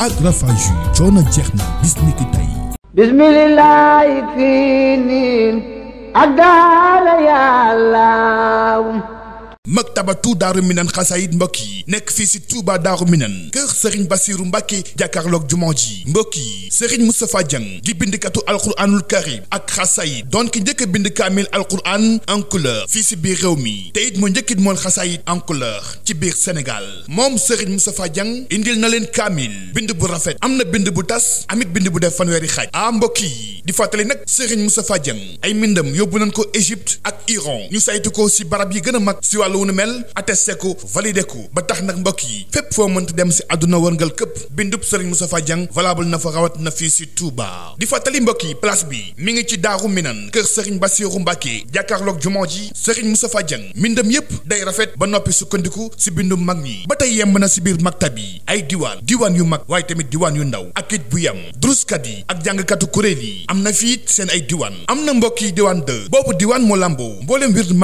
ak rafage yu coono jeex na bis ni ki tey bismillaahi fii niin ak maktabatu daaru minan xasaayit mbokk yi nekk fii si Touba daaru minan kër sëriñ basiiru mbàkke jàkkaarloog jumaa ji mbokk yi sëriñ Moustapha Dieng di bindikatu alquraanul karim ak xasaayit doon ki njëkk bind kaamil alquraan en couleur fii si biir réew mi te it moo njëkkit moon xasaayit en couleur ci biir Sénégal moom sëriñ Moustapha Dieng indil na leen kaamil bind bu rafet am na bind bu tas amit bind bu def fanweeri xaaj ah mbokk yi di fàttali nag sëriñ Moustapha Dieng ay mbindam yóbbu na ko Égypte ak Iran ñu saytu ko si barab yi gën a mag si wàllu wu nu mel attesté ko validé ba tax nag mbokk yi fépp foo mënta dem si àdduna wërngal këpp bindub Serigne Moustapha Dieng valable na fa rawat na fii si Touba di fàttali mbokk yi place bi mi ngi ci Daaru Minan kër Serigne Bassirou Mbacké jàkkaarloog jumaa ji Serigne Moustapha Dieng mbindam yépp day rafet ba noppi sukkandiku si bindu mag ñi ba tey yemb na si biir maktab yi ay diwaan diwaan yu mag waaye tamit diwaan yu ndaw ak it bu yem druskat yi ak jàngkatu kuréel yi am na fii seen ay diwaan am na mbokk yi diwaan 2 boobu diwaan moo làmboo mbooleem wird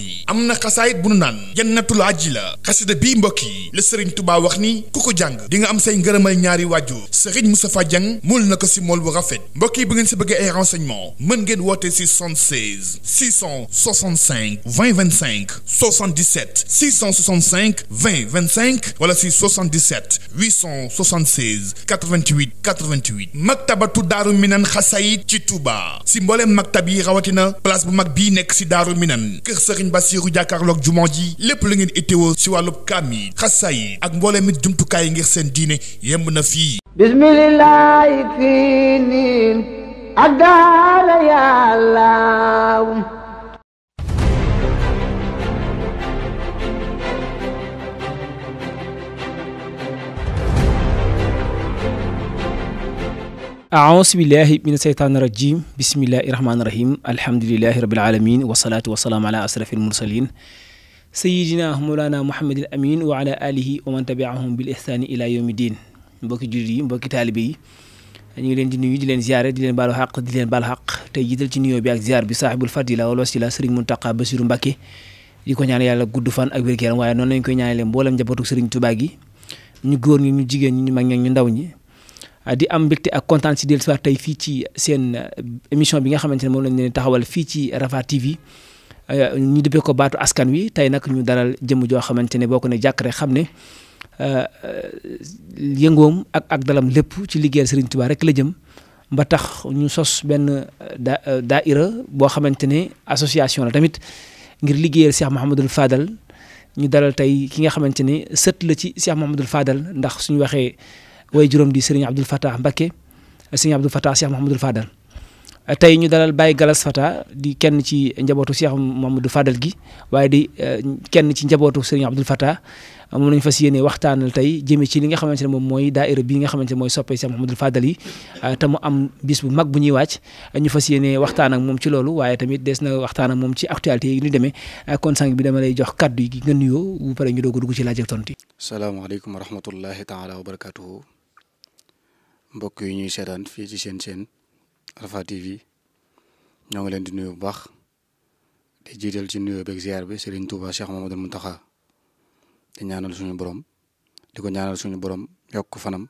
wi am na xasaayit bu nu naan jannatul ajila xasida bii mbokk yi la sëriñ tubaa wax ni ku ko jàng di nga am say ngërëmal ñaari waajur sëriñ Moustapha Dieng mul na ko si mool bu rafet mbokk yi bu ngeen si bëggee ay renseignement mën ngeen woote si 76 665 20 25 77 665 20 25 wala si 77 876 88 88 maktabatu daaru minan xasaayit ci Touba si mbooleem maktab yi rawatina place bu mag bii nekk si daaru minan kër sëriñ sëriñ Basiiru jàkkaarloog jumaa ji lépp la ngeen itteewoo si wàllub kaam yi ak mbooleem it jumtukaay yi ngir seen diine yemb na fii bismillaahi fii niin ak daala yàllaaw a aousubillahi min asheytaan irajim bisimillahi rahmaanirahim alhamdulilahi rabilalamin wasalatu wasalaamu ala ashraf almursalin sayidina moulana mouhamadil amin wa ala alihi wa man tabiahum bil ihsaani ila yawmi din mbokki jullit yi mbokki taalibe yi ñu ngi leen di nu di leen ziare di leen baalu xaq di leen baal xaq tey jiital ci nuyoo bi ak ziar bi saaxibul fadila wal wasila sëriñ Muntaqa Basiru Mbàkke di ko ñaan yàlla gudd fan ak wér-gu-yaram waaye noonu lañ koy ñaanalee mboolem njabootu sëriñ Tuubaa gi ñu góor ñi ñu jigéen ñi ñu mag ñi ñu ndaw ñi Euh, di am mbégte ak kontaan si dellu si waat tey fii ci seen euh, émission bi nga xamante ne moom lañ leen taxawal fii ci Rafah TV euh, ñu dubbee ko baatu askan wi tey nag ñu daral jëmm joo xamante ne boo ko ne jàkk rek xam ne yëngoom ak ak dalam lépp ci liggéeyal Serigne Touba rek la jëm ba tax ñu sos benn da daaira boo xamante ne association la tamit ngir liggéeyal Cheikh Mouhamadul Fadal ñu dalal tey ki nga xamante ne sët la ci Cheikh Mouhamadul Fadal ndax suñu waxee. way juróom di sëriñ Abdoul Fattah Mbacké sëriñ Abdoul Fattah Cheikh Mouhamadou Fadal tey ñu dalal Baye Galas Fattah di kenn ci njabootu Cheikh Mouhamadou Fadal gi waaye di eh, kenn ci njabootu sëriñ Abdoul Fattah moom lañu fas yéene waxtaanal tey jëmee ci li nga xamante ne moom mooy daaira bi nga xamante ne mooy soppee Cheikh Mouhamadou Fadal yi eh, am bis bu mag bu ñuy wàcc ñu fas yéene waxtaan ak moom ci loolu waaye tamit des na waxtaan ak moom ci actualité yi ni demee eh, kon sang bi dama lay jox kaddu gi nga nuyoo bu pare ñu doog a dugg ci laaj ak tontu. salaamaaleykum wa rahmatullahi taala wa barakatuhu mbokk yi ñuy seetaan fii ci seen seen Rafah TV ñoo ngi leen di nuyu bu baax di jiital ci nuyoo beeg ziar bi Serigne Touba Cheikh Mamadou taxa di ñaanal suñu borom di ko ñaanal suñu borom yokk fanam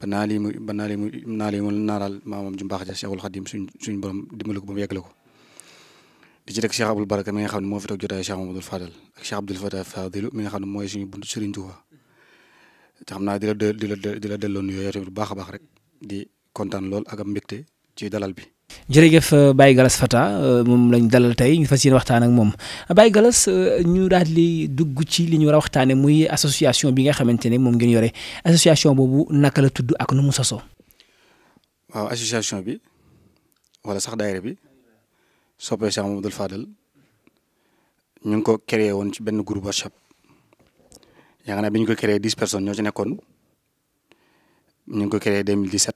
ba naa lii mu naa mu naa lii mu naaral maamam ju mbaax ja Cheikhul Khadim suñ suñu borom dimbali ko ba mu yeggale ko di ci teg Cheikh Abdou Baraka mi nga xam ne moo fi toog jotaay Cheikh Mamadou ak Cheikh Abdoul Fatah Fadilu mi nga xam ne mooy suñu buntu Serigne Touba. te naa di la di la di la bu baax baax rek di kontaan lool ak am mbégte ci dalal bi. jërëjëf euh, Baye Galas Fata euh, moom lañ dalal tey ñu fas yéene waxtaan ak moom Baye Galas euh, ñu daal di dugg ci li ñu war a waxtaanee muy association bi nga xamante ne moom ngeen yore association boobu naka la tudd ak nu mu sosoo. waaw association bi wala sax daayira bi soppee Cheikh Mamadou Fadal ñu ngi ko créé woon ci benn groupe WhatsApp. yaakaar naa bi ñu ko créé dix personnes ñoo ci nekkoon ñu ngi ko créé 2017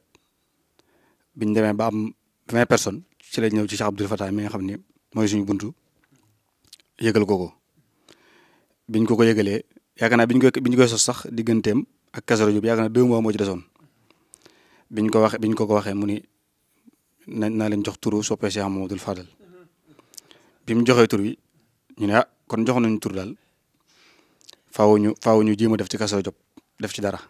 bi ñu demee ba am vingt personnes ci la ñëw ci Cheikh Abdoul Fatah mi nga xam ne mooy suñu buntu yëgal ko ko biñ ko ko yëgalee yaakaar naa biñ ko bi ñu koy sos sax digganteem ak Kasaro Diop yaakaar naa deux mois moo ci desoon biñ ko waxee biñ ko ko waxee mu ni nañ naa leen jox turu soppee Cheikh Mamadou Fadal mhm. bi mu joxee tur wi ñu ne ah, kon jox nañu tur daal. faaw ñu faaw ñu jéem a def ci Kazu Rajab def ci dara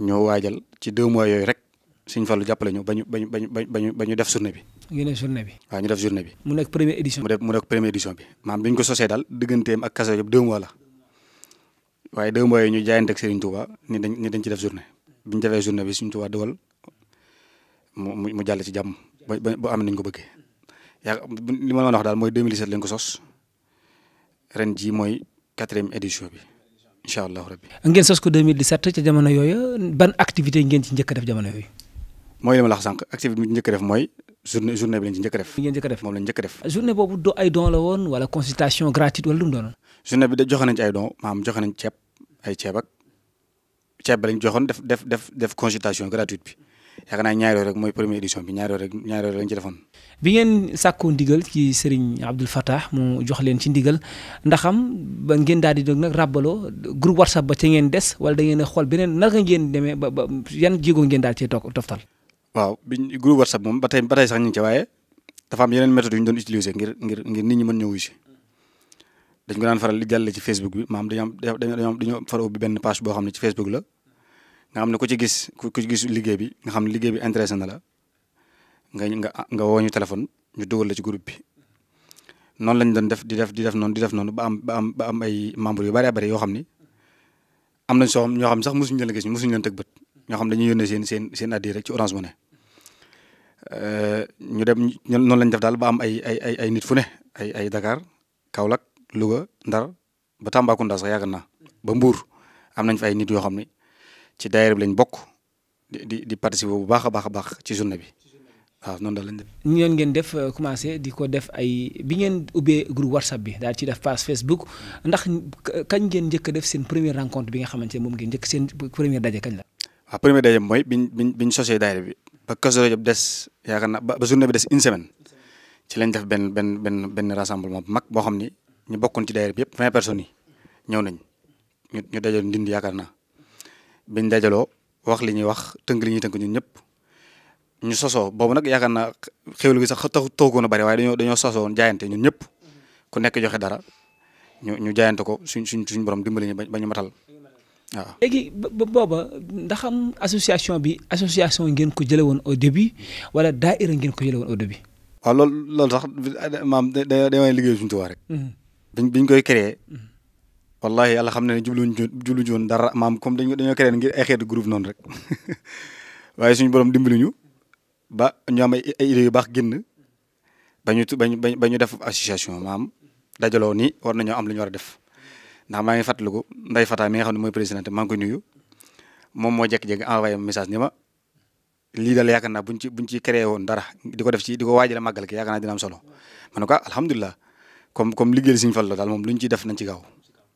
ñoo waajal ci deux mois yooyu rek Sëñ Fallu jàppale ñu ba ñu ba ñu ba ñu ba def journée bi. ñu def journée bi. waaw ñu def journée bi. mu nekk première édition. mu def mu nekk première édition bi maanaam bi ko sosee daal digganteem ak Kazu Rajab deux mois la waaye deux mois yooyu ñu jaayante ak Serigne Touba ni dañ ni dañ ci def journée bi ñu defee journée bi Serigne Touba dogal mu mu jàll ci jàmm ba ba am nañ ko bëggee yaa li ma la wax daal mooy 2017 lañ ko sos ren jii mooy. quatrième édition bi incha allahu rabbi ngeen sos ko 2017 ca jamono yooyu ban activité ngeen ci njëkk def jamono yooyu. mooy li la wax activité bi njëkk def mooy journée journée bi ci njëkk def. ngeen njëkk def def. journée boobu do ay don la woon wala consultation gratuite wala lu mu doonoon. journée bi da joxe nañ ay don maam joxe nañ ceeb ay ceeb ak ceeb ba lañ joxoon def def def def consultation gratuite bi. yaakaar naa ñaari rek mooy première édition bi ñaari rek ñaari rek lañ ci bi ngeen sàkkoo ndigal ci Serigne Abdoul Fattah mu jox leen ci ndigal ndax ba ngeen daal di doon nag ràbbaloo whatsapp ba ca ngeen des wala da ngeen a xool beneen naka ngeen demee ba ba yan jéego ngeen daal cee toftal. waaw biñ whatsapp moom ba tey ba tey sax ñu ngi ci waaye dafa am yeneen méthode yu ñu doon utiliser ngir nit ñi mën ñëw si. dañ ko daan faral di jàllale ci Facebook bi ne nga xam ne ku ci gis ko ci gis liggéey bi nga xam ne liggéey bi intéressé na la nga nga nga woo téléphone ñu dugal la ci groupe bi noonu lañ doon def di def di def noonu di def noonu ba am ba am ba ay membres yu bari bari yoo xam ni am nañ soo ñoo xam sax mosuñu leen gis mosuñu leen teg bët ñoo xam dañuy yónnee seen seen seen addi rek ci Orange Money euh, ñu dem lañ def daal ba am ay ay ay ay nit fu ne ay ay Dakar Kaolack Louga Ndar ba Tambacounda sax yàgg naa ba Mbour am nañ fa ay nit yoo xam ni ci daayira bi lañ bokk di di participer bu baax a baax a baax ci journée bi waaw noonu la lañ def. ñu leen ngeen def euh, commencé di ko def ay bi ngeen ubbee groupe whatsapp bi daal ci def page Facebook hmm. ndax kañ ngeen njëkk def seen première rencontre bi nga xamante ne moom ngeen njëkk seen première daje kañ la. waaw première daje mooy biñ biñ biñ sosee daayira bi ba Kazu Rajab des yaakaar naa ba journée bi des une semaine ci lañ def benn benn benn benn rassemblement bu mag boo xam ni ñu bokkoon ci daayira bi yëpp vingt nañ ñu ñu dajoon ndindi yaakaar naa. biñ dajaloo wax li ñuy wax tënk li ñuy tënk ñun ñëpp ñu sosoo boobu nag yaakaar naa xéwlu gi sax taxu toogoon a bari waaye dañoo dañoo sosoon jaayante ñu ñëpp ku nekk joxe dara ñu ñu jaayante ko suñ suñ suñ borom dimbali ñu ba ñu matal waaw. léegi booba ndax am association bi association ngeen ko jëlee woon au début wala daaira ngeen ku jëlee o au début. waaw loolu loolu sax maam da da da liggéey suñu tubaab mm-hmm. biñ koy créé. Mm-hmm. wallahi yàlla xam na ne jubluñ jublu joon dara maam comme dañ dañoo créé ngir ay xeetu groupe noonu rek waaye suñu borom dimbali ñu ba ñu am ay ay yu baax génn ba ñu bañ ba ñu def association maam dajaloo ni war nañoo am lu ñu war a def ndax maa ngi fàttaliku Ndeye Fata mi nga xam ne mooy présidente maa ngi koy nuyu moom moo jékki-jékki envoyé message ni ma lii daal yaakaar naa buñ ci buñ ci créé woon dara di ko def ci di ko waajale màggal ki yaakaar dina solo ma ne ko ah, alhamdulilah comme comme liggéeyal Sëriñ Fallu daal moom luñ ciy def nañ ci gaaw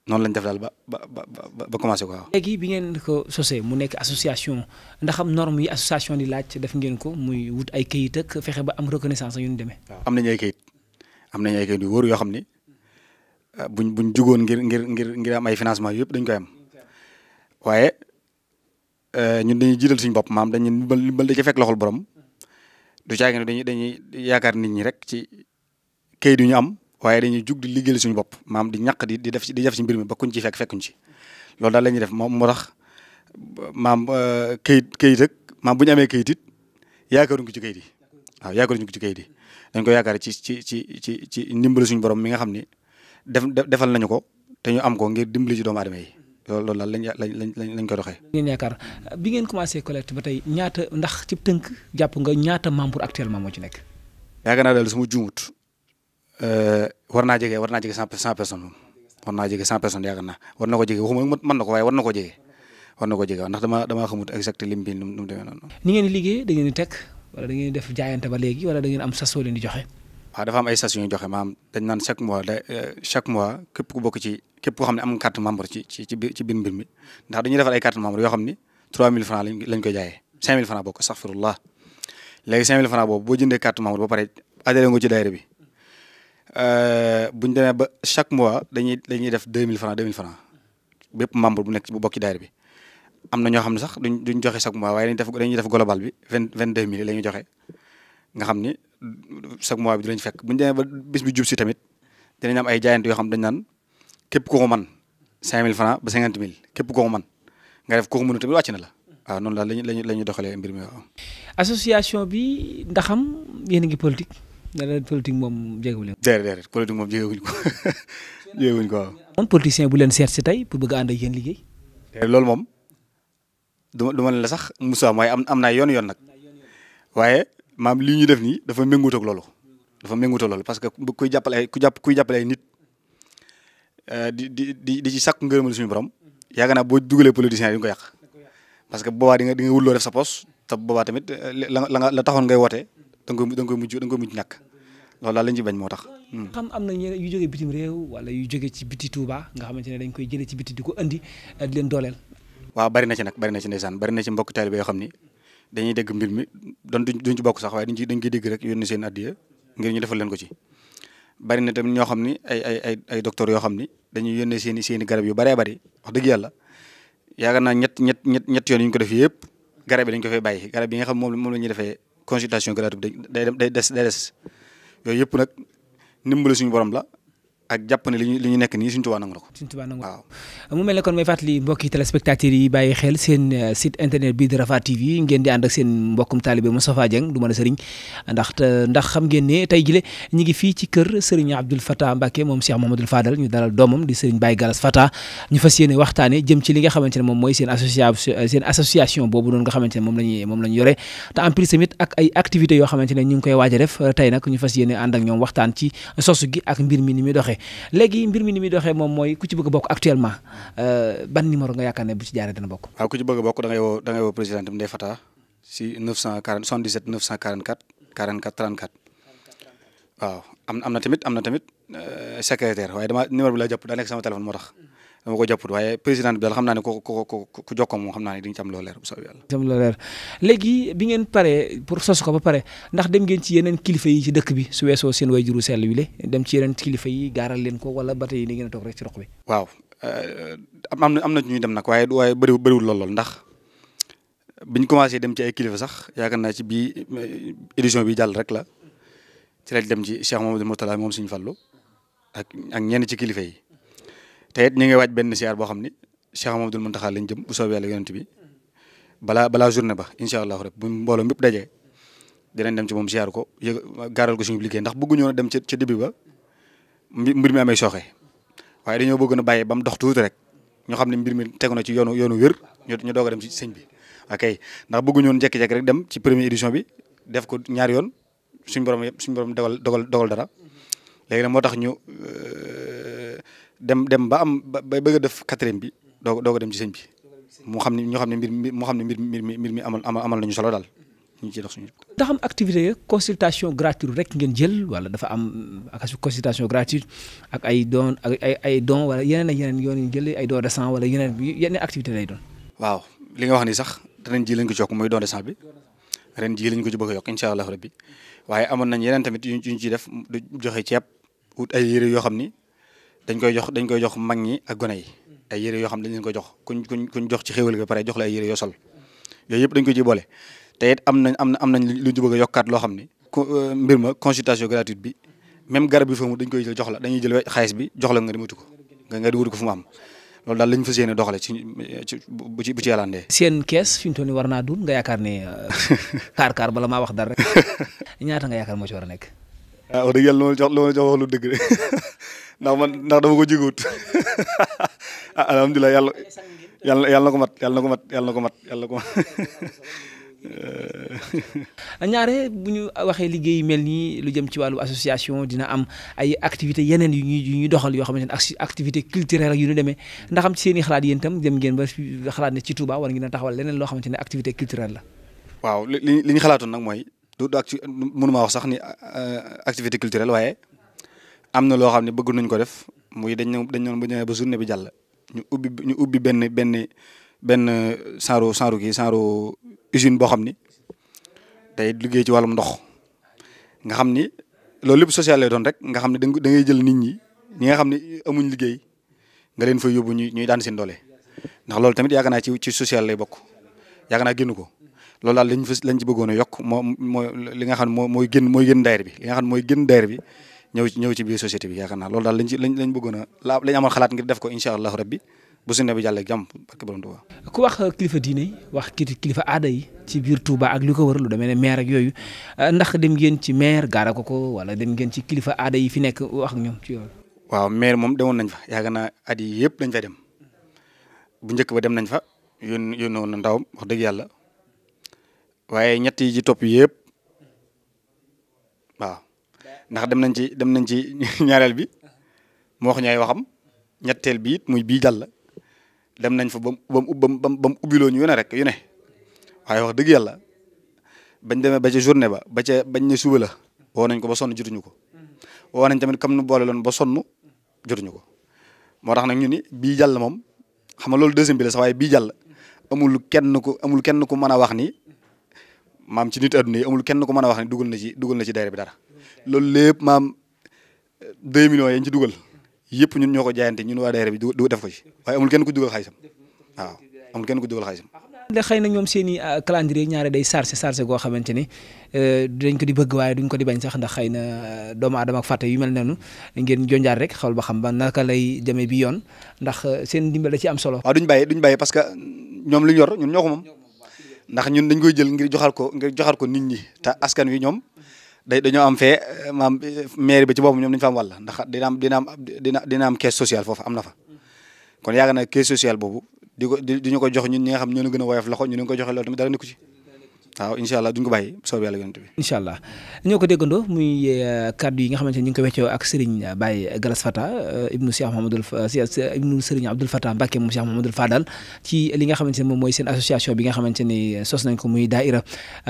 noonu lañ def daal ba ba ba ba commencé ko waaw. léegi bi ngeen ko sosee mu nekk association ndax am norme yi association di laaj def ngeen ko muy wut ay kayit ak fexe ba am reconnaissance yu ñu demee. waaw am nañu ay kayit am nañu ay kayit yu wóor yoo xam ni ah, buñ buñ jugoon ngir ngir ngir ngir am ay financement yëpp dañ koy am waaye eh, ñun dañuy jiital suñu bopp maam dañuy limbal da ca fekk loxol borom du caagi ne dañuy dañuy yaakaar nit ñi rek ci kayit yu ñu am. waaye dañuy jug di liggéeyal suñu bopp maam di ñaq di di def di def ci mbir mi ba kuñ ci fekk fekkuñ ci loolu daal la ñuy def moom moo tax maam euh, kayit kayit ak maam bu ñu amee kayit it ci kayit yi waaw yaakaaruñ ko ci kayit yi dañ ko yaakaar ci ci ci ci ci ndimbali suñu borom mi nga xam ni def defal nañu ko te ñu am ko ngir dimbali si doomu aadama yi loolu la lañ lañ lañ lañ ko doxee. ngeen yaakaar bi ngeen commencé collecte ba tey ñaata ndax ci tënk jàpp nga ñaata membre actuellement moo ci nekk. yaakaar naa daal su juumut Eh, war naa jege war naa jege cent war naa jege cent personnes naa war na ko jege waxuma mën na ko waaye war na ko jege war na ko jege ndax dama damaa xamut exact lim ni ngeen liggéey da ngeen wala da def jaayante ba léegi wala da am sasoo leen joxe. waaw dafa am ay station yu joxe maanaam dañ naan chaque mois da eh, chaque mois képp ku bokk ci képp koo xam ne am carte membre ci ci ci biir mbir mi ndax dañuy defar ay carte membre yoo xam ni 3000 francs lañ lañ koy jaayee 5000 francs bokk astaghfirullah léegi 5000 francs boobu boo jëndee carte membre ba pare Euh, bu ñu demee ba chaque mois dañuy dañuy def deux mille francs deux mille francs bépp membre bu nekk bu bokk ci bi am na ñoo xam ne sax duñ duñ joxe chaque mois waaye dañuy def dañuy def global bi vingt vingt deux mille la ñuy joxe nga xam ni chaque mois bi du lañ fekk bu ñu demee ba bis bi jub si tamit dinañ ay jaayante yoo xam dañ naan képp koo ko mën mille francs ba cinquante mille képp koo ko mën nga def koo ko mënu tamit wàcc na la. waaw noonu la la ñuy la ñuy doxalee mbir mi waaw. association bi ndaxam yéen a ngi déedéet politique moom jéggiwul leen. déedéet déedéet politique moom jéggiwuñ ko jéggiwuñ ko waaw. amoon politicien bu leen seet si tey pour bëgg a ànd ak yéen liggéey. loolu moom du ma du ma la sax Moussa mooy am am naa yoon yoon nag waaye maam li ñu def nii dafa méngoot ak loolu. dafa méngoot ak loolu parce que kuy jàppale ay ku jàpp kuy jàppale ay nit euh, di di di di ci sàkku ngërëmal suñu borom yaakaar naa boo dugalee politicien yi ñu ko yàq parce que boobaa di nga di nga wut lool def sa poche te boobaa tamit euh, la la taxoon ngay woote. da nga koy da nga koy mujj da nga koy mujj ñàkk loolu daal lañ ci bañ moo tax. Hmm. xam am na ñeneen yu jógee bitim réew wala yu jógee ci biti Touba nga xamante ne dañ koy jëlee ci biti di ko andi eh, di leen dooleel. waaw bari ci nag bari ci mbokk yoo xam ni dañuy dégg mbir mi doon sax waaye dañ koy dégg yoo xam ni dañuy yónnee seen i garab yu baree bari wax dëgg yàlla yaakaar naa ñett ñett ñett ñett yoon yu ñu ko def yëpp garab yi dañ ko fay garab yi moom moom defee consultation gratuite day day des day des yooyu yëpp nag ndimbalu suñu borom la ak jàpp ne li ñu nekk ni Sëriñ Tuubaa nangu na ko Sëriñ Tuubaa nangu waaw mu mel ne kon may fàttali mbokki téléspectateurs yi bàyyi xel seen euh, site internet bii TV ngeen di ànd ak seen mbokkum taalibe Moustapha Dieng du mën a sëriñ ndax ndax xam ngeen ne tey jile ñu ngi fii ci kër sëriñ Abdoul Fatah Mbacké moom Cheikh Mamadou Fadal ñu dalal doomam di sëriñ Baye Galas Fatah ñu fas yéene waxtaane jëm ci li nga xamante ne moom mooy seen association euh, seen association boobu noonu nga xamante ne moom lañu moom la ñu yore te en plus tamit ne ñu ngi koy waaj a def tey nag ñu fas yéene ànd ak ñoom waxtaan ci sosu gi ak mbir mi ni muy doxee léegi mbir mi ni muy doxee moom mooy ku ci bëgg a bokk actuellement euh, ban numéro nga yaakaar bu ci jaaree dana bokk. ku ci bëgg a bokk da ngay woo da ngay woo président Ndeye Fata si 940 77 944 44 34. waaw am am na tamit am na tamit euh, secrétaire waaye dama numéro bi laa jàpp daa nekk sama téléphone moo tax. dama ko jàpput waaye président bi daal xam naa ne ku ku ku ku jokkoo moom xam naa ne di nga ci am loo bu soobee yàlla. am léegi bi ngeen pare pour sos ko ba pare ndax dem ngeen ci yeneen kilifa yi ci dëkk bi su weesoo seen way juru sell wi le dem ci yeneen kilifa yi gaaral leen ko wala ba tey ni ngeen a toog rek ci roq bi. waaw euh, am na am na ñuy dem nag waaye waaye bëriwul bëriwul lool lool ndax biñ commencé dem ci ay kilifa sax yaakaar naa ci bii euh, édition bi jàll rek la ci lañ dem ci Cheikh Mamadou Mourtala moom Serigne Fallou ak ak ñenn ci kilifa yi te it ñu ngi waaj benn siyaar boo xam ni Cheikh Mamadou Mountakha lañ jëm bu soobee yàlla yonent bi balaa balaa journée ba incha allahu rek bu mbooloo mépp dajee dinañ dem ci moom siyaar ko yëg gaaral ko suñu liggéey ndax bëgguñoo na dem ca ba mu dox tuuti rek ñu xam ne mbir mi tegu na ci yoonu yoonu wér ñu doog a dem ci sëñ bi ok ndax bëgguñoon jekki-jekki rek dem ci première édition bi def ko ñaari yoon suñ borom suñu borom dogal dogal dogal dara léegi nag moo tax ñu euh, dem dem ba am ba bëgg a def quatrième bi doo doo ko dem ci bi mu xam ne ñoo xam ne mbir mi mu xam ne mbir mi mbir mi amal amal nañu daal ñu ci dox am activité consultation gratuite rek ngeen jël wala dafa am consultation gratuite ak ay don ak ay ay don wala yeneen ak yeneen yoon yu ay don de wala yeneen activité lay doon. waaw li wax ni sax danañ ji lañ ko jokk muy don de sang ren ji lañ ko ci bëgg a yokk incha allah rabbi waaye amoon nañ yeneen tamit yu ñu def joxe ceeb ay yére yoo xam ni dañ koy jox dañ koy jox mag ñi ak gone yi ay yére yoo xam dañ leen ko jox kuñ kuñ kuñ jox ci xéwal ga pare jox la ay yére yoo sol yooyu yëpp dañ ko ci boole te it am nañ am na am nañ lu ñu bëgg yokkaat loo xam ni euh, mbir ma consultation gratuite bi même gara bi fa mu dañ koy jël jox la dañuy jël xaalis bi jox la nga dematu ko nga nga di wuti fu mu am loolu daal lañ fas yéene doxale ci bu ci bu ci seen kees fi mu toll nii war naa dund nga yaakaar ne kaar kaar bala maa wax dara rek ñaata nga yaakaar moo ci war a nekk. ah wax dëgg ndax man ndax dama ko jiguwut ah, alhamdulilah yàlla yàlla yàlla ko mat yàlla na ko mat yàlla na ko mat yàlla na ko ñaare bu ñu waxee liggéey mel nii lu jëm ci wàllu association dina am ay activités yeneen yu ñuy yu ñuy doxal yoo xamante ne activité culturelle ak yu ñu demee ndax am ci xalaat yéen itam dem ngeen ba xalaat ne ci Touba war ngeen a taxawal leneen loo xamante ne activité culturelle la. waaw li li ñu xalaatoon nag mooy du du mënu maa wax sax ni euh, activité culturelle waaye am na loo xam ne bëgg nañ ko def muy dañ ñëw dañ ñoon bu ñëwee ba journée bi jàll ñu ubbi ñu ubbi benn benn benn saaru saaru kii saaru usine boo xam ni day liggéey ci wàllum ndox nga xam ni loolu lépp social lay doon rek nga xam ne da ngay jël nit ñi ñi nga xam ne amuñ liggéey nga leen fa yóbbu ñuy ñuy daan seen ndax loolu tamit yaakaar naa ci social lay bokk yaakaar naa génn ko loolu daal lañ fa lañ ci bëggoon a yokk moo moo li nga xam ne moo mooy génn mooy génn daayira bi li nga xam ne mooy génn daayira bi ñëw ñëw ci biir société bi yaakaar naa loolu daal lañ ci lañ lañ bëggoon a la lañ amoon xalaat ngir def ko incha allahu rabbi bu sunne bi jàllee jàmm barke borom Tuuba ku wax kilifa diine yi wax kilifa aada yi ci biir Touba ak li ko wër lu ne maire ak yooyu euh, ndax dem ngeen ci maire gaara ko ko wala dem ngeen ci kilifa aada yi fi nekk wax ñoom ci yooyu. waaw maire moom demoon nañ fa yaakaar naa at yi yëpp dañ fay dem bu njëkk ba dem nañ fa yónn yónn woon na ndawam wax dëgg yàlla waaye ñett yi ci topp yëpp ndax dem nañ ci dem nañ ci ñaareel bi mu wax ñaay waxam ñetteel bi it muy bii jàll dem nañ fa ba mu ba mu ba mu ubbiloo ñu yu ne rek yu ne wax dëgg yàlla bañ demee ba ca ba ba ca bañ ne suba la woo nañ ko ba sonn jotuñu ko woo nañ tamit kam nu boole loon ba sonn jotuñu ko moo tax nag ñu ni bii jàll moom xam lool loolu deuxième bi la sax waaye bii jàll amul kenn ku amul kenn ku mën a wax ni maam ci nit adduna yi amul kenn ku mën a wax ni dugal na ci dugal na ci daayira bi dara. loolu lépp maam deux millions yañ ci dugal yëpp ñun ñoo ko jaayante ñun waa daayira bi du def ko ci waaye amul kenn ku dugal xaalisam waaw amul kenn ku dugal xaalisam. da ah, xëy na ñoom seen i ah, calendrier ñaare day chargé chargé goo xamante ni euh, dañ ko di bëgg waaye duñ ko di bañ sax ndax xëy na euh, doomu aadama ak fàtte yu mel noonu ngeen jonjaar rek xawal ba xam ba naka lay demee bi yoon ndax euh, seen dimbal da ci am solo. waaw duñ bàyyi duñ bàyyi parce que ñoom lu ñu yor ñun ñoo ko moom ndax ñun dañ koy jël ngir joxal ko ngir joxal ko nit ñi te askan wi ñoom day dañoo am fee maam mairie bi ci boppam ñoom dañu fa am wàll ndax dina am dina am dina dina am caisse sociale foofu am na fa kon yaakaar na caisse sociale boobu di ko ko jox ñoo gën a woyof loxo ñu ngi ko joxe loolu tamit dara nekku ci waaw incha allah duñ ko bàyyi soob yàlla yonent bi incha allah ñoo ko déggandoo eh, yi nga xamante ni ñu ngi ko weccoo ak Serigne Baye Galas Fata eh, ibnu Cheikh Mahamadul ibnu Serigne Abdoul Fata Mbacke li nga xamante ne moom mooy seen association bi nga xamante ne eh, sos nañ ko muy daaira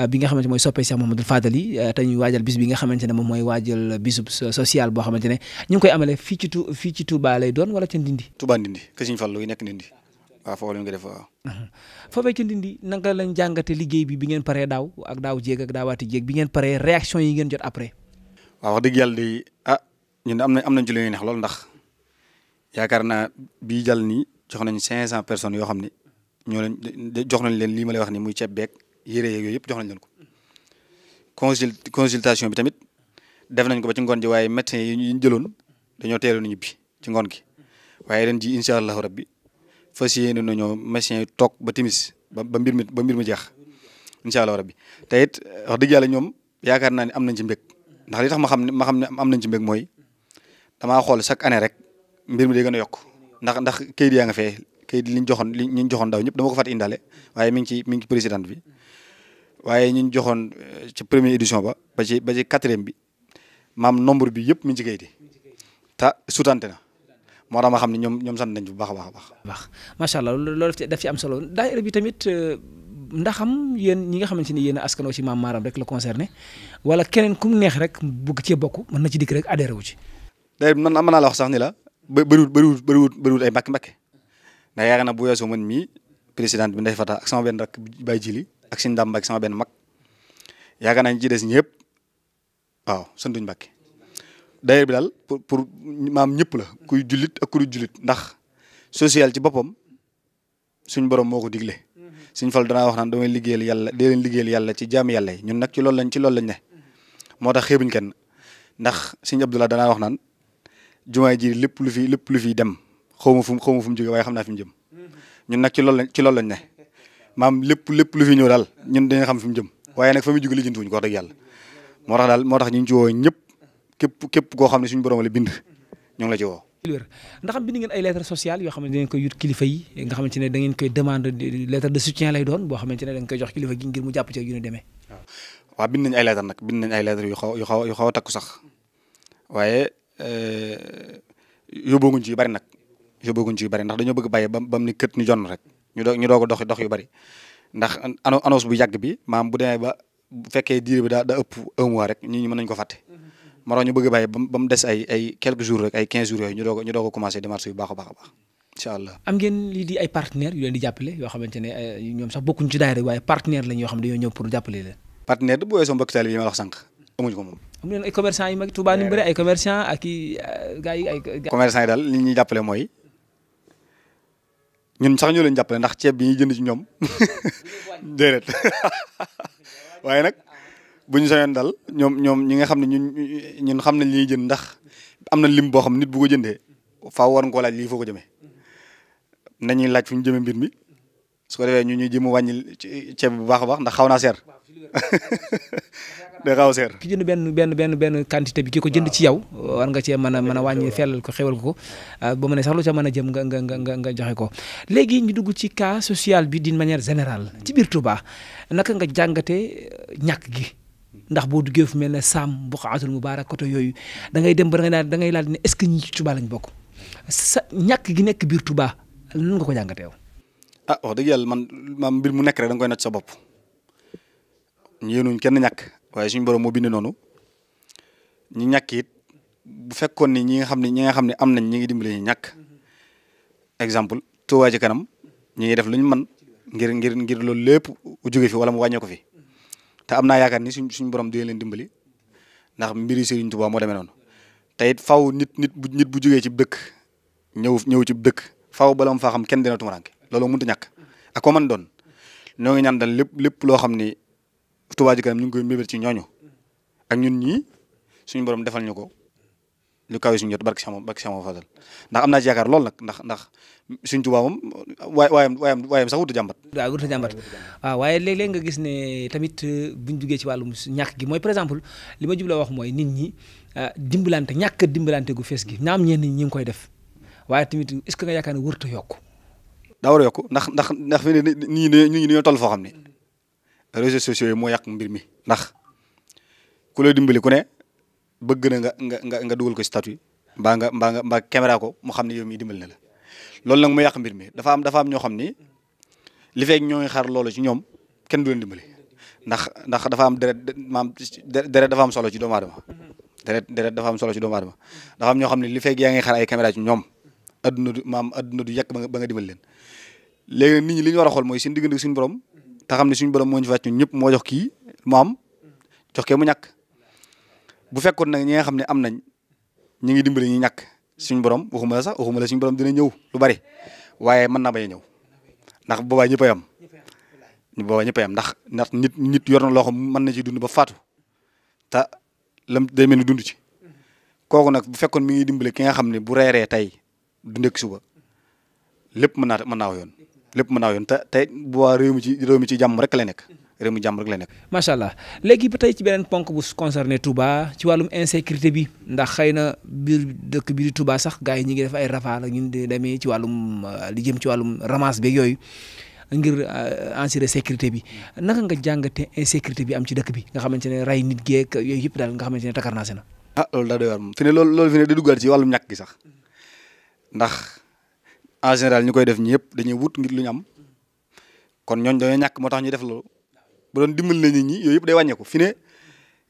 bi nga xamante mooy soppee Cheikh Mahamadul Fadal yi te ñuy waajal bis bi nga xamante ne moom mooy waajal bisub social boo xamante ne ñu ngi koy amale fii ci tu fii ci wala ca Ndindi Touba Ndindi ka Serigne Fallou Ndindi waaw foofu lañ ko def waaw. foofee ci Ndindi naka lañ bi bi ngeen paree daaw ak daaw jéeg ak daawaati jéeg bi ngeen paree réaction yi ngeen jot après. waaw a dëgg yàlla de ah ñun am nañ am nañ ci lu ñuy neex lool ndax yaakaar na bi jàll ni jox nañ 500 personnes yoo xam ne ñoo leen jox nañ leen lii ma wax nii muy ceeb beeg yére yeeg yooyu yëpp jox nañ leen ko. consul consultation bi tamit def nañ ko ba ci ngoon ji waaye médecin yi ñu jëloon dañoo teeloon ñibbi ci ngoon gi waaye ren ji incha allahu rabbi fa yéene nañoo médecin toog ba timis ba ba mbir mi ba mbir mi jeex incha allah rabbi te it wax dëgg yàlla ñoom yaakaar naa ne am nañ ci mbég ndax li tax ma xam ne ma xam ne am nañ ci mbég mooy damaa xool chaque année rek mbir mi day gën a yokk ndax ndax kayit yaa nga fee kayit liñ joxoon li ñu joxoon daaw ñëpp dama ko fàtte indaale waaye mi ngi ci mi ngi ci bi waaye ñu joxoon euh, ci première édition ba ba ci ba ci quatrième bi maam nombre bi yëpp mi ngi ci kayit yi ta sutante na moo tax ma xam ne ñoom ñoom sant nañ bu baax a baax a baax. macha allah loolu daf ci am solo daayira bi tamit euh, ndaxam yéen ñi nga xamante ni yéen a askan ci maam maaram rek la concerné wala keneen ku mu neex rek bëgg cee bokk mën na ci dikk rek adhéré wu ci. man mën naa la wax sax ni la ba bëriwul bëriwul bëriwul bëriwul ay mbàkk-mbàkk ndax yaakaar naa bu weesoo man mii présidente bi Ndeye Fata ak sama benn rak Baye Jili ak suñu ndam ak sama benn mag yaakaar naa ñu ci des ñëpp waaw santuñ mbàkk daayira bi daal pour pour maam ñëpp la kuy jullit ak kuy jullit ndax social ci boppam suñ borom moo ko digle mhm. suñ fal danaa wax naan damay liggéeyal yàlla dee leen liggéeyal yàlla ci jaam yàlla yi ñun nag ci loolu lañ ci loolu lañ ne mhm. moo tax xeebuñ kenn ndax suñ Abdullah wax naan jumaay ji lépp lu fi lépp lu fi dem xaw ma fu mu fu mu jógee waaye xam naa fi jëm mhm. ñun nag ci loolu lañ ci loolu lañ ne maam lépp lépp lu fi ñëw daal ñun dañuy xam fi mu jëm waaye nag fa muy jóge lijjanti wuñ ko wax dëgg yàlla moo tax daal moo tax ñu ci woo ñëpp képp képp koo xam ne suñu borom la bind ñoo ngi la ci woo. ndax bind ngeen ay lettres sociales yoo xam ne dangeen koy yut kilifa yi nga xamante ne dangeen koy demande lettre de soutien lay doon boo xam ne danga koy jox kilifa gi ngir mu jàpp ci yu ñu demee. waaw waaw ay lettres nag bind nañ ay lettres yu xaw yu xaw yu a takku sax waaye euh, yóbbooguñ ci yu bari nag yóbbooguñ ci yu bari ndax dañoo bëgg bàyyi ba ba mu ni kët ni jonn rek ñu doog ñu doog a dox dox yu bari ndax annonce bu yàgg bi maam bu demee ba bu fekkee diir bi daa daa ëpp un rek ñi ñi mën nañ ko fàtte moo tax ñu bëgg bàyyi ba mu des ay ay quelques jours rek ay 15 jours yooyu ñu doog ñu doog a commencé démarche baax a baax a baax incha allah. am ngeen lii di ay partenaires yu leen di jàppale yoo euh, ñoom sax bokkuñ lañ euh, jàppale ndax ceeb bi ñuy jënd ci ñoom déedéet waaye nag bu ñu sañoon daal ñoom ñoom ñi nga xam ne ñu ñun xam nañ li ñuy jënd ndax am na lim boo xam nit bu ko jëndee faaw war nga koo foo ko jëmee nañuy laaj fu ñu mbir mi su ko ñu ñuy jëm wàññi ceeb bu baax a baax ndax xaw na seer day xaw a seer. ki jënd benn benn benn benn quantité bi ki ko jënd ci yow war nga cee mën a mën a wàññi fellal ko xewal ko ah, ba mu ne sax lu ca mën a jëm nga nga nga joxe ko. léegi ñu dugg ci cas social bi di manière général ci biir Touba naka nga jàngate ñàkk gi. ndax boo duggee fu mel ne saam buqaatul mubaarak koto yooyu da ngay dem ba da ngay da ngay laal ne est-ce que ñi ci Touba lañ bokk sa ñàkk gi nekk biir Touba lan nga ko jàngateew. ah wax yàlla man maam mbir mu nekk rek da nga koy natt sa bopp ñu yéenuñ kenn ñàkk waaye suñu borom moo bind noonu ñi ñàkk it bu fekkoon ni ñi nga xam ne ñi nga xam ne am nañ ñi ngi dimbale ñu ñàkk exemple Touba ci kanam ñi ngi def lu ñu mën ngir ngir ngir loolu lépp u jóge fi wala mu wàññee ko fi. am naa yaakaar ni suñ suñu borom dina leen dimbali ndax mbiri Serigne Touba moo demee noonu te faw nit nit bu nit bu jógee ci dëkk ñëw ñëw ci dëkk faw balam fa xam kenn dina tumuranke loolu mënut a ñàkk ak ko man doon ñoo ngi ñaan daal lépp lépp loo xam ni Touba ji kanam ñu ngi koy mébét ci ñooñu ak ñun ñii suñu borom defal ñu ko lu kawe suñu jot barke sama barke sama ndax am na ci yaakaar lool nag ndax ndax suñ Tuubaa moom waay waayam waayam waayam sax wuta jàmbat waaw wuta jàmbat ah, waaye léeg nga gis ne tamit euh, buñ duggee ci wàllum ñàkk gi mooy par exemple li ma jubloo wax mooy nit ñi ah, dimbalante ñàkk dimbalante gu fees gi naam ñenn ñi ngi koy def waaye tamit est-ce nga yaakaar ne wërta yokk daa war yokk ndax ndax ndax fi ne nii ñi dañoo toll foo xam ne réseaux sociaux yi moo yàq mbir mi ndax ku lay dimbali ku ne bëgg na nga nga nga nga dugal ko statut mbaa nga mbaa nga mbaa caméra ko mu xam ne yow mii dimbal na la loolu nag mu yàq mbir mi dafa ni li fekk ñooy xaar loolu ci ñoom kenn du leen dimbali ndax ndax dafa am deret maam deret dafa am solo ci doomu aadama deret deret dafa am solo ci doomu aadama dafa am ñoo xam ne li fekk yaa ngi xaar ay caméra ci ñoom adduna du maam adduna du yàq ba nga dimbal leen léegi nag nit ñi li ñu war a xool mooy seen diggante suñu borom xam ne suñu borom moo ñu fàcc ñun ñëpp moo jox kii mu am jox kee mu ñàkk bu fekkoon nag ñi nga xam ne am nañ ñu ngi dimbali ñi ñàkk suñu borom waxuma la sax waxuma la suñu borom dina ñëw lu bari waaye mën na bañ ñëw ndax boobaa ñëpp a yam boobaa ñëpp yam ndax ndax nit nit yor na loo xam mën na ci dund ba faatu ta lam day mel ni dund ci kooku nag bu fekkoon mi ngi dimbali ki nga xam ne bu reeree tey du suba lépp mën naa mën naa yoon lépp mën naa yoon te tey bu waa réew mi ci réew mi ci jàmm rek la nekk réew mu jàmm rek lay nekk. macha allah léegi ba tey ci beneen ponk bu concerné Touba ci insécurité bi ndax xëy na biir dëkk bi di Touba sax gars yi ñu ngi def ay rafaan ak ñu demee ci wàllum euh, li jëm ci wàllum ramasse beeg yooyu ngir euh, assurer sécurité bi naka nga jàngatee insécurité bi am ci dëkk bi nga xamante ne rey nit geek yooyu yëpp daal nga xamante ne takar naase na. ah loolu daa doy waar moom fi ne lool loolu fi ne di ci wàllum ñàkk gi sax ndax en général ñu koy def ñëpp dañuy wut ngir lu ñu kon ñooñ dañoo ñàkk bu doon na nit ñi yooyu yëpp day wàññeeku fi ne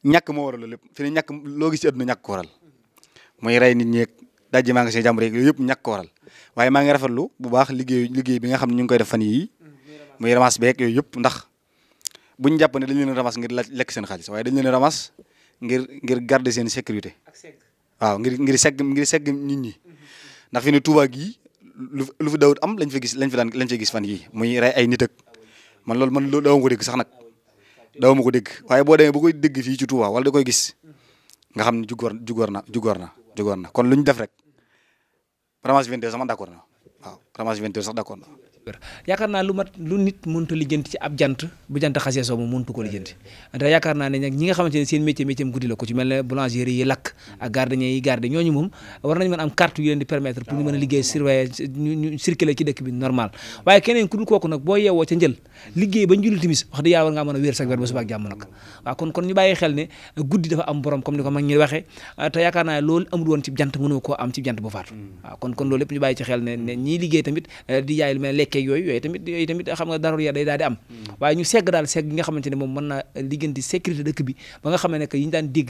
ñàkk moo waral lépp fi ne ñàkk loo gis ci àdduna ñàkk ko mooy rey nit ñeeg dajji maa ngi see jàmbur yeeg yooyu yëpp ñàkk ko waral maa ngi rafetlu bu baax liggéey liggéey bi nga xam ne ngi koy def fan yii muy ramas yëpp ndax buñu jàpp ne dañ leen ramas ngir lekk seen xaalis waaye dañ leen ramas ngir ngir garder seen sécurité waaw ngir ngir segg ngir segg nit ñi ndax fi ne Touba gii lu fi dawut am lañ fa gis lañ fi daan lañ fa gis fan yii muy rey ay nit man lool man loolu daawu ko dégg sax nag daaw ma ko dégg waaye boo demee bu koy dégg fii ci Touba wala da koy gis nga xam ne jugoor jugoor na jugoor na jugoor na kon lu ñu def rek ramage 22 sama d'accord na waaw ramage 22 sax d'accord na wér yaakaar naa lu nit mënut a lijjanti ci ab jant bu jant xasee soo moom mënut ko liggéey surveiller ñu jant mënoo jant bu faatu mm. waaw kon kon loolu ñu bàyyi ci xel ne ñiy liggéey tamit eh, di jaay lu mel yekkee yooyu yooyu tamit yooyu tamit xam nga darul ya day daal am mm. waaye ñu segg daal segg bi nga xamante ne moom mën naa liggéenti sécurité dëkk bi ba nga xam ne que yi ñu daan dégg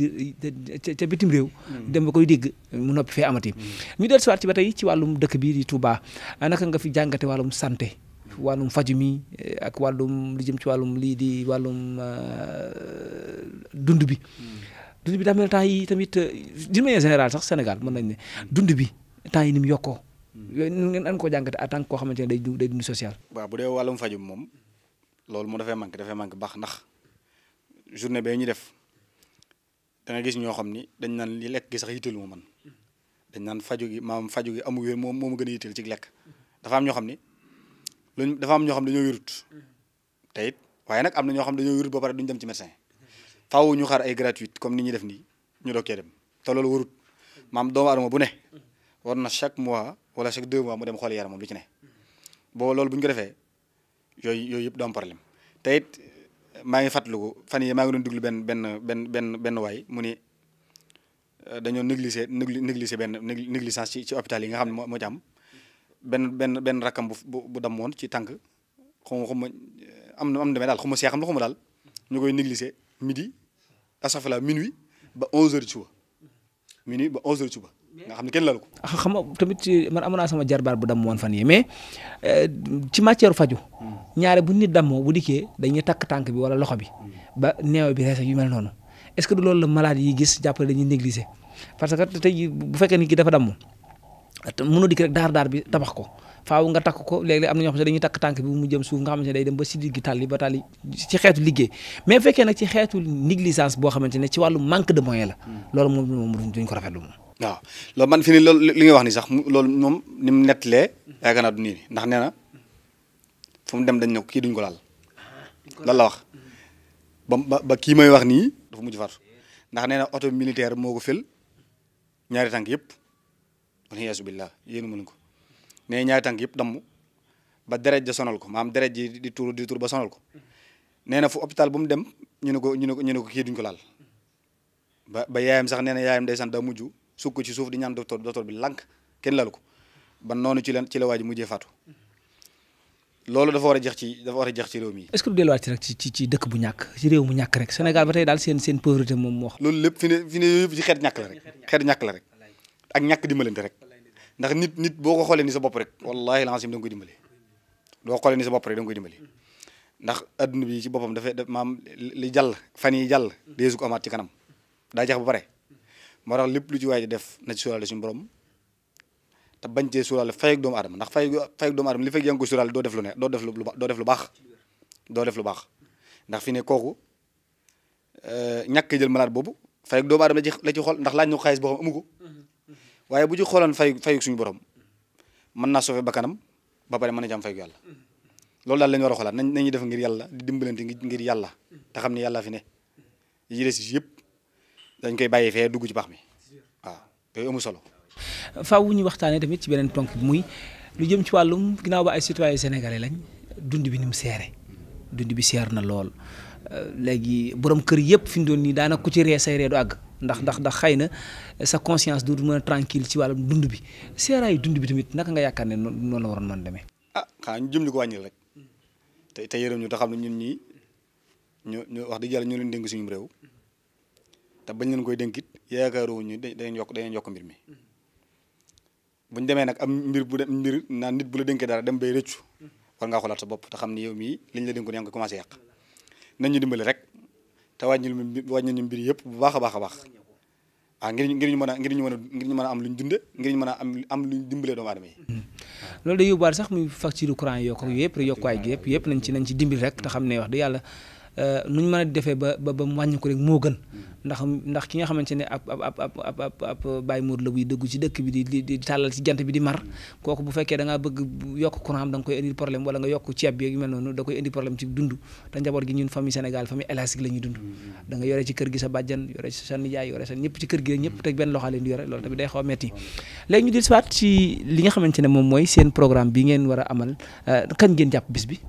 ca bitim réew mm. dem ba koy dégg mu noppi fee amati mm. ñu del siwaat ci ba tey ci wàllum dëkk bi di Touba naka nga fi jàngate wàllum sante wàllum faju mi eh, ak wàllum li jëm ci wàllum lii di wàllum eh, dund bi dund bi daa mel yi tamit eh, d'une manière sax Sénégal mën nañ ne dund bi temps yi ni mu yokkoo yooyu ngeen an ko jàngate en tant que koo xamante ne day dund day dund social. waaw bu dee wàllum faju moom loolu mu dafay manqué dafay manqué baax ndax journée bee ñu def da gis ñoo xam ni dañ naan li lekk gi sax yittelu ma man dañ naan faju gi maam faju gi amu wér moom moo ma gën ci lekk dafa am ñoo xam ni luñ dafa am ñoo xam dañoo wérut te it waaye nag am na ñoo xam dañoo wérut ba pare duñ dem ci médecin faaw ñu xaar ay gratuite comme ni ñuy def nii ñu doog cee dem te loolu warut maam doomu aadama bu ne war na chaque mois wala chaque deux mois mu dem xool yaramam lu ci ne boo loolu bu ñu ko defee yooyu yooyu yëpp doom am problème te maa ngi fàttaliku fan yii maa ngi doon déglu benn benn benn benn benn waay mu ni euh, dañoo négliger négliger benn négligence ci ci hôpital yi nga xam ne moo am benn benn benn rakkam bu bu dammoon ci tànk xaw xuma am na am na demee daal xuma seexam la xuma daal ñu koy négliger midi asafala minuit ba 11h ci suba minuit ba 11h ci suba nga xam ne kenn lalu ko. Ah, xam nga tamit man amoon naa sama jarbaar bu damm woon fan yi mais euh, ci matière faju hmm. ñaare bu nit dammoo bu dikkee dañuy takk tànk bi wala loxo bi hmm. ba néew bi rees yu mel noonu est-ce que du yi gis jàppale dañuy négliger parce que tey bu fekkee nit ki dafa damm mënoo dikk rek daar daar bi tabax ko faaw nga takk ko léeg-léeg am na ñoo xam ne dañuy takk tànk bi mu jëm suuf nga xamante ne day dem ba si digg tàlli ba tàlli ci xeetu liggéey mais fekkee nag ci xeetu négligence boo xamante ne ci wàllu manque de moyen la hmm. loolu moom moom duñ ko rafetlu moom waaw loolu man fi ni loolu li nga wax ni sax mu loolu moom ni mu nettalee yaakaar naa du nii ndax nee na fu dem dañ ne kii duñ ko laal ah, lan wax mm-hmm. ba ba kii may wax nii dafa mujj far ndax nee na oto militaire moo ko fël ñaari tànk yëpp wala yaasu billah yéen mënu ko mais ñaari tànk yëpp damm ba deret ja sonal ko maam deret ji di tuur di tuur ba sonal ko mm-hmm. nee na fu hôpital bu mu dem ñu ne ko ñu ne ko ñu ne kii duñ ko laal mm-hmm. ba ba yaayam sax nee na yaayam day sant daa mujj sukk ci suuf di ñaan docteur docteur bi lànk kenn lalu ko ban noonu ci leen ci la waa mu mujjee faatu loolu dafa war a jeex ci dafa war a jeex ci réew mi. est-ce que du delluwaat ci rek ci ci ci dëkk bu ñàkk ci réew mu ñàkk rek Sénégal ba tey daal seen seen pauvreté moom moo. loolu lépp fi ne fi ne yooyu yëpp ci xeet la rek ak ñàkk dimbalante rek ndax nit nit boo ko xoolee ni sa bopp rek wallaahi lancim da nga koy dimbali boo xoolee ni sa bopp rek da nga koy ndax adduna bi ci boppam dafay maam li jàll fan yi jàll deesu ko amaat ci kanam daa jeex ba pare. moo tax lépp lu ci waay di def na ci sóoraale suñu borom te bañ cee sóoraale fay ak doomu aadama ndax fay fay ak doomu aadama li fekk yaa ngi doo def lu ne doo def lu lu baax doo def lu baax ndax fi ne kooku euh, ñàkk jël malade boobu fay ak doomu aadama la ci la ci xool ndax laaj na ko boo xam amu ko waaye bu ci xooloon fay fay suñu borom mën naa ba kanam ba pare mën na ci fay yàlla loolu daal la ñu war a xoolaat nañ nañuy def ngir yàlla di dimbalante ngir yàlla te xam ne yàlla fi ne yi des yëpp dañ koy bàyyi fee dugg ci bax mi waaw yooyu amul solo. faaw wu ñu waxtaanee tamit ci beneen tonk bi muy lu jëm ci wàllum ginnaaw ba ay citoyen sénégalais lañ dund bi ni seere dund bi seer na lool euh, léegi borom kër yëpp fi mu doon nii daanaka ku ci ree say ree du àgg ndax ndax ndax xëy na sa conscience dootu mën a tranquille ci wàllum dund bi seeraayu dund bi tamit naka nga yaakaar ne noonu la waroon mën demee. ah xanaa ñu jëm ñu ko wàññil rek te te yërëm ñu te xam ne ñii ñu ñu wax dëgg yàlla ñu leen dénk suñu réew. te bañ leen koy dénkit yaakaarowu ñu dañu yokk dañu yokk mbir mi buñ demee nag am mbir bu mbir naan nit bu la dénkee dara dem bay rëccu war ngaa xoolaat sa bopp te xam ni yow mii liñ la dénkoon yaa ngi ko commencé yàq nañ ñu dimbali ñu a baax a ah, a ngir ñu a a am luñ dunde ngir ñu mën a am am luñ dimbalee doomu aadama yi hmm. loolu day yóbbaale sax muy facture courant yi yokk yëpp yokkuwaay gi yëpp yëpp nañ ci nañ ci dimbali rek te xam ne wax dëgg yàlla euh, nu ñu mën a defee ba ba mu wàññi ko rek moo gën ndax ndax ki nga xamante ne ab ab moor ab la buy dëggu ci dëkk bi di di tàllal ci jant bi di mar kooku bu fekkee da ngaa bëgg yokk courant am da nga koy indi problème wala nga yokk ceeb bi yu mel noonu da koy indi problème ci dund te njaboot gi ñun famille Sénégal famille élastique la ñuy dund yore ci kër gi sa bàjjan yore ci sa nijaay yore sa ñëpp ci kër gi ñëpp teg benn loxo leen di yore loolu tamit day xaw a metti léegi ñu dellusiwaat ci li nga xamante ne moom mooy seen programme bi ngeen a amal euh, kan ngeen jàpp bis bi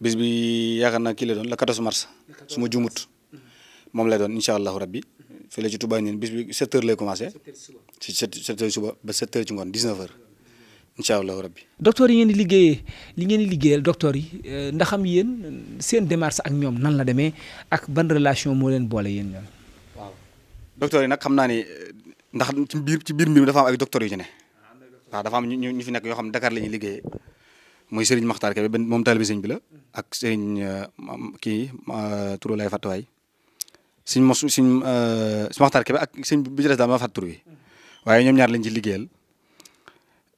bis bi yaakaar naa kii la doon la 14 mars su ma jumut moom lay doon incha allahu rabbi fële ci Touba ñun bis bi 7 lay commencé ci 7 heures suba ba 7 heures ci ngoon 19 heures incha allahu rabbi. docteur yi ngeen di liggéeyee li ngeen di liggéeyal yi euh, ndax am yéen seen démarche ak ñoom nan la demee ak ban relation moo leen boole yéen ñoom. waaw docteur yi nag xam naa ni euh, ndax ci biir ci biir mbir mi dafa ay docteur yi ci ne waa dafa am ñu ñu fi nekk yoo xam ne Dakar lañuy ñuy liggéeyee mooy Serigne Makhtar Kébé moom taalibe sëñ bi la ak Serigne euh, kii Touré lay fàttuwaay suñ mos suñ euh, maxtaar kebe ak bi ci des daal ma fàtt tur wi waaye ñoom ñaar lañ ci liggéeyal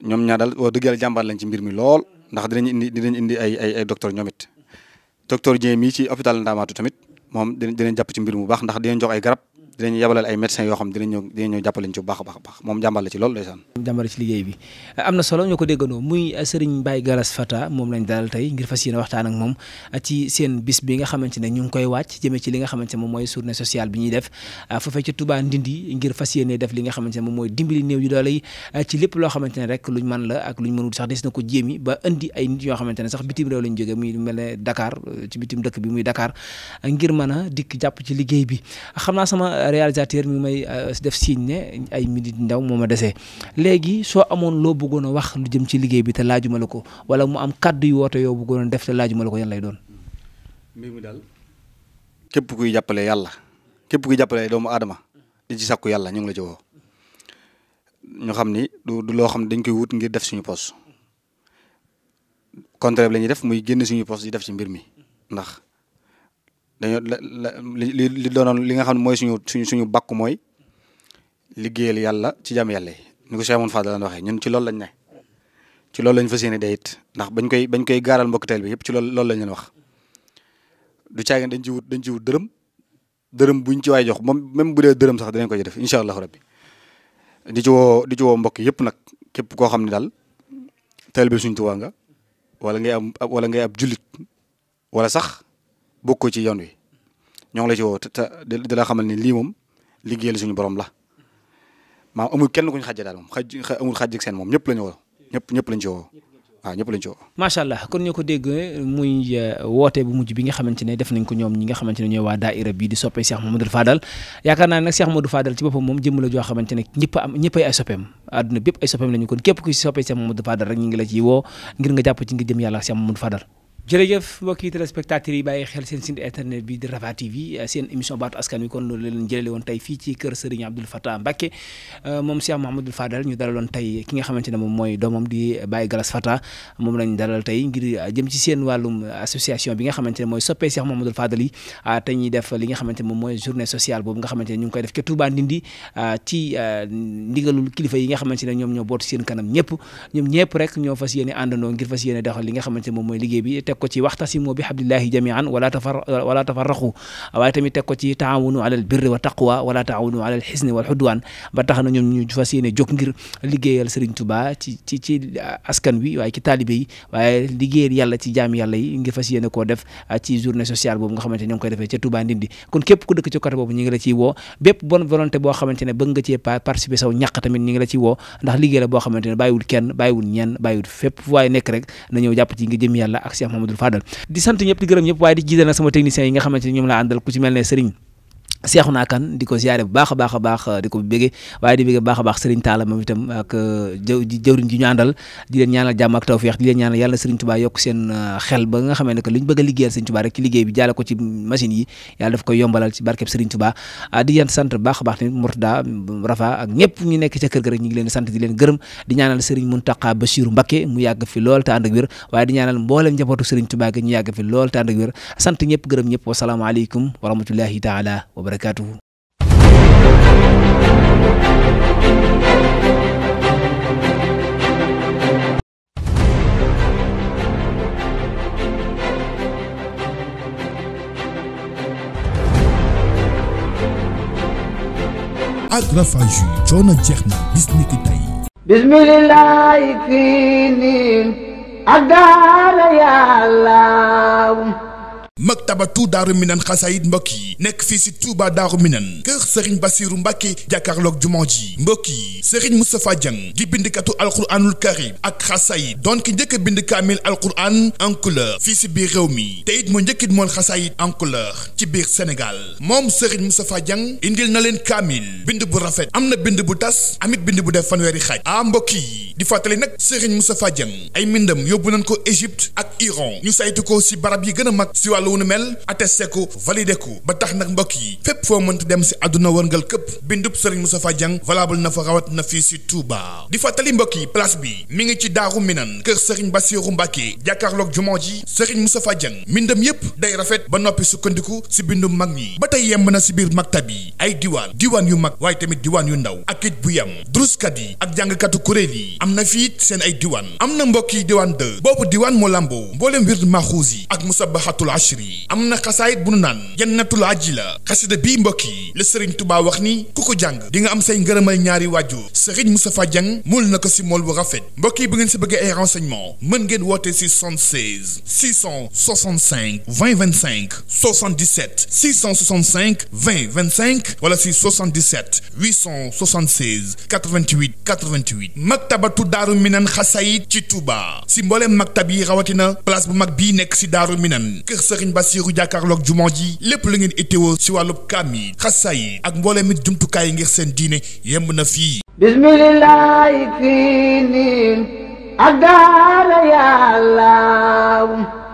ñoom ñaar daal wax dëgg yàlla jàmbaar lañ ci mbir mi lool ndax dinañ indi dinañ indi ay ay ay docteur ñoom it docteur Dieng mii ci hôpital Ndamatou tamit moom dinañ jàpp ci mbir mu baax ndax dinañ jox ay garab dinañu yabalal ay médecins yoo xam dinañu dinañu jàppale ci bu baax a baax moom jàmbaar la ci loolu ndeysaan jàmbaar ci liggéey bi am na solo ñoo ko déggandoo muy Serigne Baye Gallas Fata moom lañ dalal tey ngir fas yéene waxtaan ak moom ci seen bis bi nga xamante ne ñu ngi koy wàcc jëmee ci li nga xamante ne moom mooy journée sociale bi ñuy def ah, foofee ci Touba Ndindi ngir fas yéene def li nga xamante ne moom mooy dimbali néew yu doole yi ah, ci lépp loo xamante ne rek luñ mën la ak luñ mënul sax des na ko jéemi ba indi ay nit yoo xamante ne sax bitim réew lañ jóge muy mel ne Dakar bi muy Dakar ngir mën a dikk jàpp ci liggéey bi réalisateur mi may euh, def signe ne ay minutes ndaw moo ma desee léegi soo amoon loo buggoon a wax lu jëm ci liggéey bi te laajuma la ko wala mu am kàddu yu woote yoo bëggoon a def te laajuma la ko yan lay doon. mbir mi daal képp kuy jàppale yàlla képp kuy jàppale doomu aadama di ci sàkku yàlla ñu ngi la ci woo ñu xam ni du loo xam ne dañ koy wut ngir def suñu pos contraire la def muy génn suñu pos di def si mbir mi ndax. dañoo li li doonoon li nga xam ne mooy suñu suñu suñu bakku mooy liggéeyal yàlla ci jam yàlla nu ni ko Cheikh Moune Fadal waxee ñun ci loolu lañ ne ci loolu lañ fas yéene day it ndax bañ koy bañ koy gaaral mbokk teel bi yëpp ci loolu loolu lañ leen wax du caagin dañ ci dañ ci dërëm dërëm buñ ci waay jox moom même bu dee dërëm sax dinañ ko def incha allahu rabbi di ci woo di ci mbokk yëpp nag képp koo xam ne daal teel bi suñ tuwaa nga wala ngay am wala ngay ab jullit wala sax bokkoo ci yoon wi ñoo la ci woo te di la xamal ni lii moom liggéeyal suñu borom la maam amul kenn ku ñu xàjjee daal moom xaj amul xàjj ak seen moom ñëpp la ñu woo ñëpp ñëpp lañ ci woo waaw ñëpp lañ ci woo. macha allah kon ñoo ko dégg muy euh, woote bu mujj bi nga xamante ne def nañ ko ñoom ñi nga xamante ne ñooy waa daaira bii di soppe Cheikh Mamadou Fadal yaakaar naa moom jëmm la joo xamante ne ñëpp am ñëppay ay soppeem àdduna bépp soppe Cheikh Mamadou rek ñu ngi la ci woo ngir nga jàpp ci ngir jëm yàlla Cheikh Mamadou Fadal jërëjëf mbokki téléspectateurs yi bàyyi xel seen site internet bi di Rafah TV euh, seen émission baatu askan wi kon loolu woon tey fii ci kër Serigne Abdoul Fatah Mbacké euh, moom Cheikh Mouhamadou Fadal nga xamante ne moom mooy doomam di Baye Galas Fatah moom lañ dalal tey ngir euh, jëm ci seen wàllum association bi nga xamante ne mooy soppee Cheikh yi li nga xamante ne moom mooy journée sociale boobu nga xamante ne ñu ngi koy def ca Touba Ndindi ci ndigalul kilifa yi nga xamante ne ñoom ñoo boot seen kanam ñëpp ñoom ñëpp rek ñoo fas yéene àndandoo ngir fas yéene doxal li nga xamante ne moom mooy liggéey ko ci waxtasimu bi hablillahi jamian wala tafar wala tafarraqu waaye tamit teg ci taawunu alal birri wa taqwa wala taawunu alal xisni wal xudwaan ba tax na ñoom ñu fas yéene a ngir liggéeyal Serigne ci journée sociale boobu nga xamante ne koy defee ca Touba Ndindi kon képp ku dëkk ci côté boobu ñu la ciy woo bépp bonne volonté boo xamante ne nga cee participer saw ñàq tamit ñu la ciy woo ndax liggéey la boo xamante ne bàyyiwul kenn bàyyiwul ñenn bàyyiwul fépp fu waaye nekk Mouhamadou Fadal di sant ñëpp di gërëm ñëpp waaye di jiital nag sama techniciens yi nga xamante ni ñoom laa àndal ku ci mel seexu naa kan di ko ziare bu baax a baax a baax euh, di ko bége waaye di bége bu baax a baax Serigne Talla euh, ñu di leen ñaanal jàmm ak di leen ñaanal yàlla Serigne yokk seen euh, xel ba nga xamee ne que lu ñu bëgg a liggéeyal Serigne Touba rek ci liggéey bi jaale ci machine yi yàlla daf koy yombalal ci barkeb Serigne Touba ah, di leen sant bu baax a baax tamit Mourtada Rafa ak ñëpp ñu nekk ca kër ga rek ñu ngi leen di leen gërëm di ñaanal Serigne Mountakha Bassirou Mbacké mu yàgg fi lool te ànd ak wabarakatuhu. ak Rafaju coono jeex na bis ni ki tey bismillahi fii nii ak daara yàlla maktabatu daaru minan xasaayit mbokk yi nekk fii si Touba daaru minan kër sëriñ basiiru mbàkke jàkkaarloog jumaa ji mbokk yi sëriñ moustapha diang di bindikatu alquraanul karim ak xasaayit doon ki bind kaamil alquraan en couleur fii si biir réew mi te it moo njëkkit mool xasaayit en couleur ci biir sénégal moom sëriñ moustapha diang indil na leen kaamil bind bu rafet am na bind bu tas amit bind bu def fanweeri xaaj ah mbokk yi di fàttali nag sëriñ moustapha diang ay mbindam yóbbu nañ ko égypte ak iran ñu saytu ko si barab yi gën a mag si wàllu wala wu nu mel attesté ko validé ko ba tax nag mbokk yi fépp foo mënta dem si àdduna wërngal këpp bindub Serigne Moustapha Dieng valable na fa rawat na fii si Touba di fàttali mbokk yi place bi mi ngi ci Daaru Minan kër Serigne Bassirou Mbacke jàkkaarloog jumaa ji Serigne Moustapha Dieng mbindam yépp day rafet ba noppi sukkandiku si bindu mag ñi ba tey yemb na si biir maktab yi ay diwaan diwaan yu mag waaye tamit diwaan yu ndaw ak it bu yem druskat yi ak jàngkatu kuré yi am na fii seen ay diwaan am na mbokk yi diwaan 2 boobu diwaan moo làmboo mbooleem wird maxuus yi ak musabahatul ashri Bichri am na xasaayit bu nu naan jannatul ajila xasida bii mbokk yi la sëriñ tubaa wax ni ku ko jàng di nga am say ngërëmal ñaari waajur sëriñ Moustapha Dieng mool na ko si mool bu rafet mbokk yi bu ngeen si bëggee ay renseignement mën ngeen woote si 76 665 20 25 77 665 20 25 wala si 77 876 88 88 maktabatu daaru minan xasaayit ci Touba si mbooleem maktab yi rawatina place bu mag bii nekk si daaru minan kër sëriñ Serigne Bassirou jàkkaarloog jumaa ji lépp la ngeen itteewoo si wàllub kaam yi ak mbooleem it jumtukaay yi ngir seen diine yemb na fii bismillahi fii nii ak daara yàlla